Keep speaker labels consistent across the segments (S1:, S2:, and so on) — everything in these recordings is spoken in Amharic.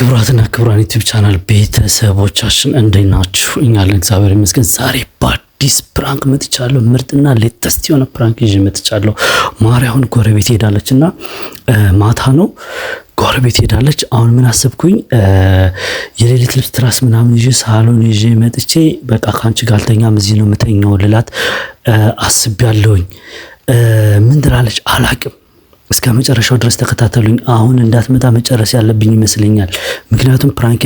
S1: ክቡራትና ክቡራን ዩቲዩብ ቻናል ቤተሰቦቻችን እንዴት ናችሁ? እኛለን እግዚአብሔር ይመስገን። ዛሬ በአዲስ ፕራንክ መጥቻለሁ። ምርጥና ሌተስት የሆነ ፕራንክ ይዤ መጥቻለሁ። ማርያሁን ጎረቤት ሄዳለች እና ማታ ነው ጎረቤት ሄዳለች። አሁን ምን አሰብኩኝ፣ የሌሊት ልብስ ትራስ ምናምን ይዤ ሳሎን ይዤ መጥቼ በቃ ከአንቺ ጋር አልተኛም እዚህ ነው የምተኛው ልላት አስቤያለሁኝ። ምን ትላለች አላቅም እስከ መጨረሻው ድረስ ተከታተሉኝ። አሁን እንዳትመጣ መጨረስ ያለብኝ ይመስለኛል፣ ምክንያቱም ፕራንክ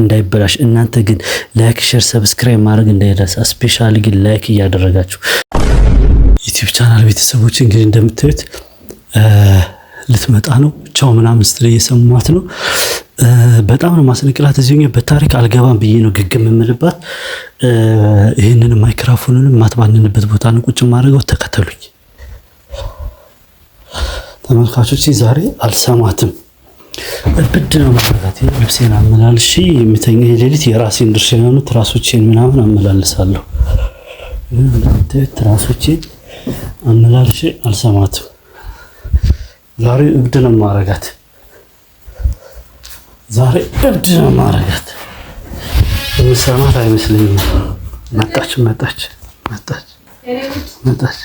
S1: እንዳይበላሽ። እናንተ ግን ላይክ፣ ሼር፣ ሰብስክራይብ ማድረግ እንዳይረሳ። ስፔሻሊ ግን ላይክ እያደረጋችሁ ዩቲብ ቻናል ቤተሰቦች፣ እንግዲህ እንደምታዩት ልትመጣ ነው። ቻው ምናምን ስትል እየሰማት ነው። በጣም ነው ማስነቅላት። እዚ በታሪክ አልገባም ብዬ ነው ግግ የምምልባት። ይህንን ማይክራፎንንም ማትባንንበት ቦታ ነው ቁጭ ማድረገው። ተከተሉኝ። ተመልካቾች ዛሬ አልሰማትም። እብድ ነው ማለት ልብሴን አመላልሼ የምተኛ የሌሊት የራሴን ድርሻ የሆኑ ትራሶቼን ምናምን አመላልሳለሁ። ትራሶቼን አመላልሽ አልሰማትም። ዛሬ እብድ ነው ማረጋት። ዛሬ እብድ ነው ማረጋት። የምሰማት አይመስለኝም። መጣች መጣች መጣች መጣች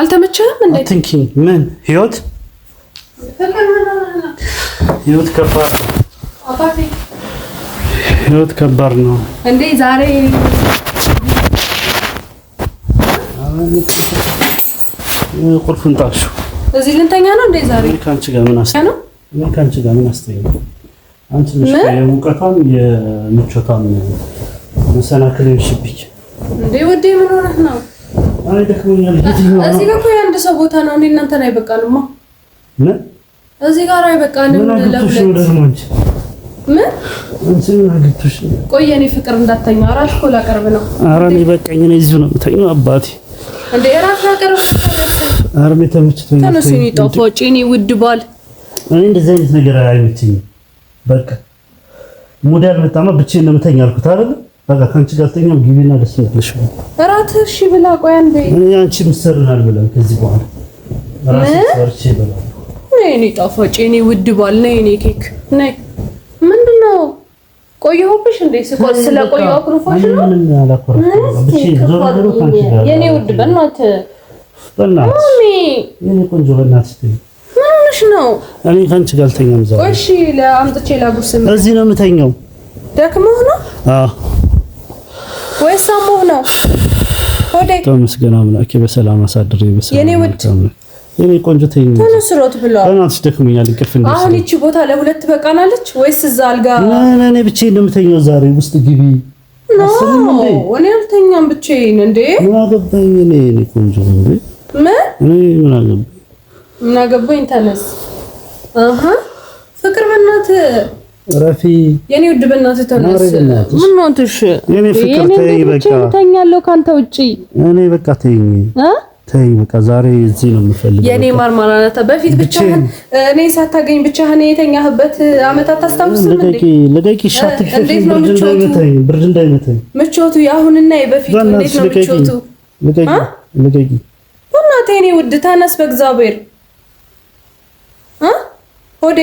S2: አልተመቸህም? እንደ
S1: ምን ህይወት ህይወት ከባድ ህይወት ከባድ ነው እንዴ? ዛሬ ቁልፉን ጣልሽው።
S2: እዚህ ልንተኛ ነው እንዴ ዛሬ?
S1: ከአንቺ ጋር ምን አስተኛ ነው? ከአንቺ ጋር ምን አስተኛ ነው? አንቺ ነሽ የሙቀቷም የምቾቷም መሰናክል ይሽብኝ
S2: እንዴ? ወዴ ምን ሆነህ ነው?
S1: አይ ደክሞኛል።
S2: እዚህ ጋር እኮ የአንድ ሰው ቦታ ነው። እኔ እናንተን አይበቃንማ። ምን እዚህ ጋር አይበቃንም። ለሁለት ምን አንቺ ምን ፍቅር እንዳተኛ እራት እኮ ላቀርብ ነው።
S1: ኧረ እኔ በቃኝ፣ እኔ እዚሁ ነው የምተኛው። አባቴ
S2: እንዴ እራት ላቀርብ።
S1: ኧረ እኔ ተመችቶኝ
S2: ነው። እኔ ጠፋሁ። እኔ ውድ ባል፣
S1: እኔ እንደዚህ አይነት ነገር አይመቸኝም። በቃ ሙዳ አልመጣማ ብቻዬን ነው አልኩት አይደል? በቃ ካንቺ ጋር ተኛም ግቢና ደስ ይላልሽ።
S2: እራት እሺ ብላ ቆይ አንዴ
S1: እኔ አንቺ ምሰርናል ብለን ከዚህ በኋላ ራሴ ሰርቼ
S2: እኔ ጣፋጭ፣ እኔ ውድ ባል ነኝ፣ እኔ ኬክ ነኝ። ምንድነው ቆየሁብሽ እንዴ? ስቆይ ስለቆየሁ አኩርፎሽ ነው።
S1: ብቻ ጋር
S2: የኔ ውድ በእናትህ
S1: በእናትህ የኔ ቆንጆ በእናትህ እየነገርኩሽ ነው። እኔ ከአንቺ ጋር አልተኛም ዛሬ።
S2: እሺ፣ ለአምጥቼ ላጉርስ።
S1: እዚህ ነው የምተኛው። ደክሞህ ነው? አዎ።
S2: ወይስ አሞህ ነው?
S1: ሆዴ ተመስገን። አምላኬ በሰላም አሳድሬ በሰላም የኔ ውድ የኔ ቆንጆ ተይኝ።
S2: ተነስሮት ብለዋል።
S1: በእናትሽ ደክሞኛል። እንቅልፍ እንደ
S2: አሁን ይቺ ቦታ ለሁለት በቃናለች ወይስ እዛ አልጋ?
S1: እኔ ብቻዬን ነው የምተኛው ዛሬ። ውስጥ ግቢ
S2: እኔ አልተኛም ብቻዬን። እንዴ
S1: ምን አገባኝ እኔ ቆንጆ። ምን እኔ ምን አገባኝ
S2: ምናገባኝ ተነስ። አሀ ፍቅር በእናት ረፊ የኔ ውድ በእናት ተነስ። ምን ሆንሽ?
S1: የኔ ፍቅር ተይ በቃ
S2: ተኛለሁ ካንተ ውጪ
S1: እኔ በቃ ተይኝ አ ተይ በቃ ዛሬ እዚህ ነው የምፈልገው።
S2: የኔ ማርማራታ በፊት ብቻህን እኔ ሳታገኝ ብቻህን የተኛህበት አመት አታስታውስም
S1: እንዴ? ሻት ሻትሽ ብርድ እንዳይመታኝ
S2: ምቾቱ የአሁንና የበፊቱ እንዴት ነው ምቾቱ?
S1: ልቀቂ ልቀቂ።
S2: በእናትህ የኔ ውድ ተነስ በእግዚአብሔር ሆዴ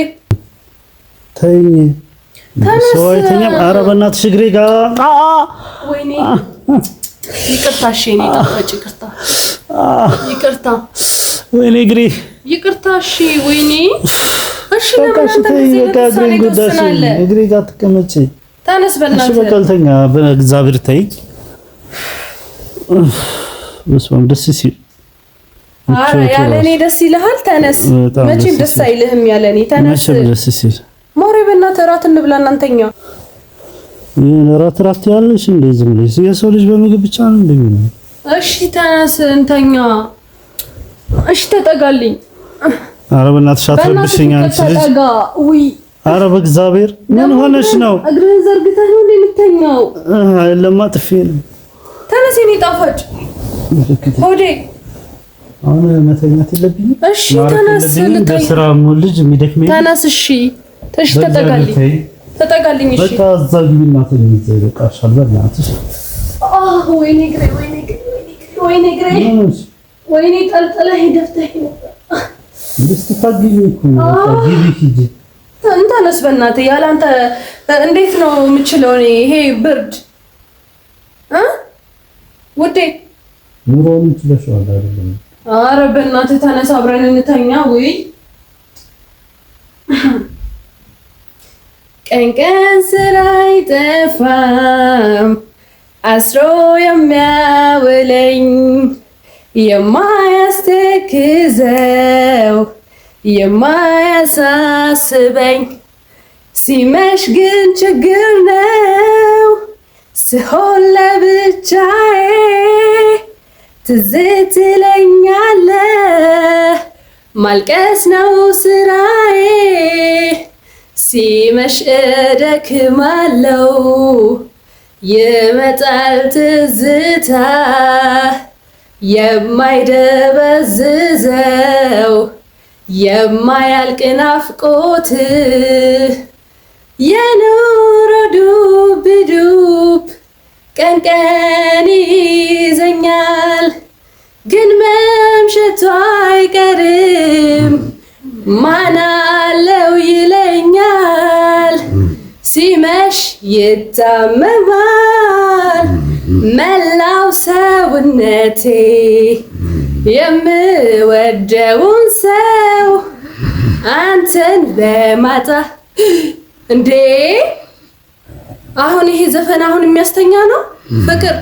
S1: ተኝ ሰውይተኛ ኧረ በእናትሽ እግሬ ጋ
S2: ወይኔ ይቅርታ እሺ እኔ ጣፋጭ ይቅርታ ይቅርታ ወይኔ እግሬ ይቅርታ እሺ ወይኔ እሺ ለምን አንተ
S1: እግሬ ጋ ትቀመጪ
S2: ተነስ በእናትህ
S1: በቃ ልተኛ በእግዚአብሔር ተይ በስመ አብ ደስ ሲል
S2: ያለኔ ደስ ይልሃል? ተነስ። መቼም ደስ አይልህም ያለኔ። ተነስ ደስ ሲል ማሬ፣ በእናትህ እራት እንብላ። እናንተኛ
S1: እራት እራት ያለሽ እንደ ዝም ብለሽ የሰው ልጅ በምግብ ብቻ ነው እንደሚሆነው።
S2: እሺ ተነስ፣ እንተኛ። እሺ ተጠጋልኝ።
S1: አረ በእናትሽ አትረብሽኝ አንቺ ልጅ። አረ በእግዚአብሔር ምን ሆነሽ ነው?
S2: እግርህን ዘርግተህ ነው የምተኛው?
S1: አይለማ ጥፌ ነው።
S2: ተነስ የኔ ጣፋጭ ሆዴ
S1: አሁን መተኛት የለብኝ።
S2: እሺ ተነስ፣
S1: ልጅ የሚደክመኝ
S2: ተነስ። እሺ ተሽ ተጠጋልኝ፣ ተጠጋልኝ። እሺ በቃ
S1: እዛ ግቢና ተኝ።
S2: ተነስ በእናትህ፣ ያለ አንተ እንዴት ነው የምችለው እኔ ይሄ ብርድ ውዴ
S1: ኑሮውን ትለሽዋለህ አይደለም
S2: አረ በእናትህ ተነሳ፣ አብረን እንተኛ። ውይ ቀን ቀን ስራ አይጠፋም አስሮ የሚያውለኝ የማያስተክዘው የማያሳስበኝ ሲመሽ ግን ችግር ነው ስሆን ለብቻዬ ትዝ ትለኛለህ ማልቀስ ነው ስራዬ ሲመሽ እደክማለው ይመጣል ትዝታ የማይደበዝዘው የማያልቅ ናፍቆት የኑሮ ዱብ ዱብ ቀን ቀን ይዘኛል ግን መምሸቱ አይቀርም ማናለው ይለኛል ሲመሽ ይታመማል መላው ሰውነቴ የምወደውን ሰው አንተን በማጣ እንዴ አሁን ይሄ ዘፈን አሁን የሚያስተኛ ነው ፍቅር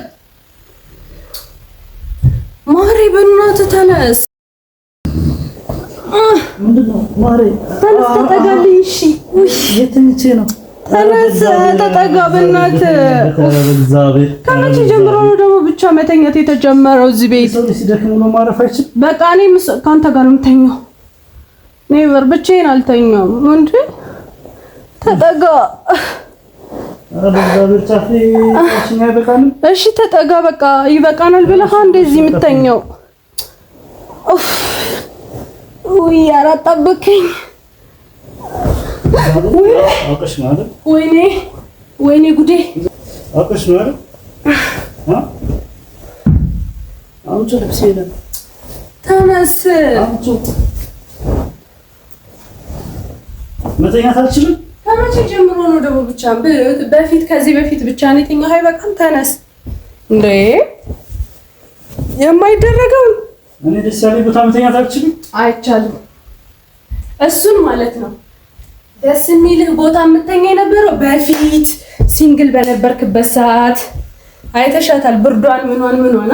S2: ማሬ በእናትህ ተነስ። ከመቼ ጀምሮ ነው ደግሞ ብቻ መተኛት የተጀመረው እዚህ ቤት? በቃ እኔ ከአንተ ጋር ነው የምተኛው። ኔቨር ብቻዬን አልተኛም። ወንድ ተጠጋ እሺ ተጠጋ፣ በቃ ይበቃናል ብለህ እንደዚህ የምተኛው ውይ፣ አላጣበከኝ። ወይኔ ወይኔ ጉዴ! ተነስ፣
S1: መተኛት አልችልም
S2: ከመቼ ጀምሮ ነው ደግሞ? ብቻ በፊት ከዚህ በፊት ብቻ ነው የተኛው። ሀይ በቃም ተነስ እንዴ! የማይደረገው
S1: እኔ ደስ ያለኝ ቦታ መተኛት አልችልም፣
S2: አይቻልም። እሱን ማለት ነው ደስ የሚልህ ቦታ የምተኛ የነበረው በፊት ሲንግል በነበርክበት ሰዓት አይተሻታል። ብርዷን ምኗን ምኗን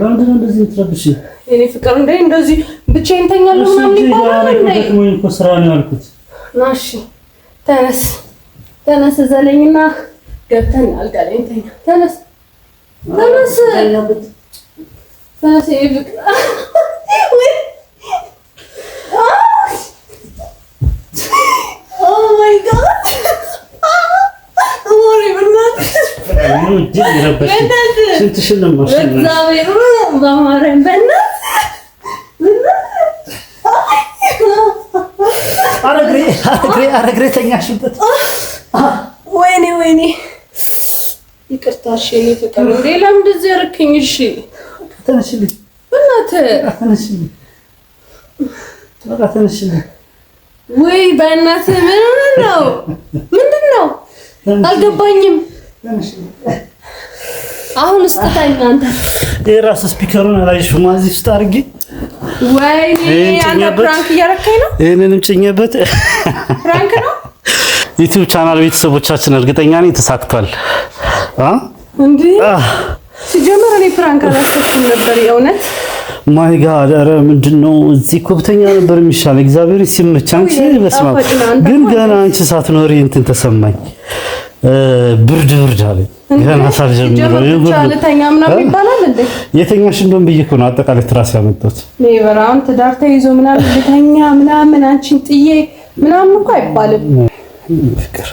S1: ለምንድነው እንደዚህ ትረብሽ?
S2: የኔ ፍቅር እንደ እንደዚህ ብቻዬን ተኛለሁ ምናምን ይባላል።
S1: ስራ ነው ያልኩት
S2: ናሺ ተነስ ተነስ፣ ዘለኝና ገብተን አልጋ ላይ እንተኛ። ተነስ ተነስ ተነስ። ይብቅ ኦ ማይ ጋድ
S1: አረግሬ ተኛሽበት።
S2: ወይኔ ወይኔ፣ ይቅርታ። እሺ እኔ ፍቅር እንዴ፣ ለምን እንደዚህ ያደረክኝ? እሺ ተነሽልኝ፣ በእናትህ
S1: ተነሽልኝ፣ በቃ ተነሽልኝ።
S2: ወይ በእናትህ ምን ነው ምንድን ነው? አልገባኝም። አሁን እስጥታኝ አንተ
S1: የራስህ ስፒከሩን አላየሽውም? እዚህ ውስጥ አድርጌ
S2: ወይኔ አንተ ፕራንክ
S1: ዩቲዩብ ቻናል ቤተሰቦቻችን እርግጠኛ ነኝ ተሳክቷል።
S2: ሲጀመር እኔ ፕራንክ አላሰብኩም ነበር የእውነት
S1: ማይ ጋድ አረ ምንድን ነው እዚህ ኮብተኛ ነበር የሚሻል እግዚአብሔር ሲመች አንቺ ግን ገና አንቺ ሳትኖሪ እንትን ተሰማኝ ብርድ ብርድ አለኝ ገና መሳብ ጀምሮ
S2: ይጉልተኛ ምናምን ይባላል እንዴ?
S1: የተኛሽ እንደውም ብዬሽ እኮ ነው አጠቃላይ ትራስ ያመጣሁት።
S2: ሌበር አሁን ትዳር ተይዞ ምናምን ልተኛ ምናምን አንቺን ጥዬ ምናምን እንኳ አይባልም። ፍቅር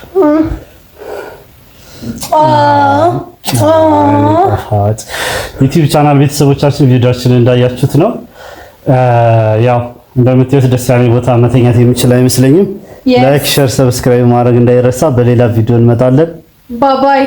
S1: ዩቲዩብ ቻናል ቤተሰቦቻችን ቪዲዮአችንን እንዳያችሁት ነው። ያው እንደምታዩት ደስ ያለኝ ቦታ መተኛት የሚችል አይመስለኝም። ላይክ፣ ሼር፣ ሰብስክራይብ ማድረግ እንዳይረሳ። በሌላ ቪዲዮ እንመጣለን።
S2: ባባይ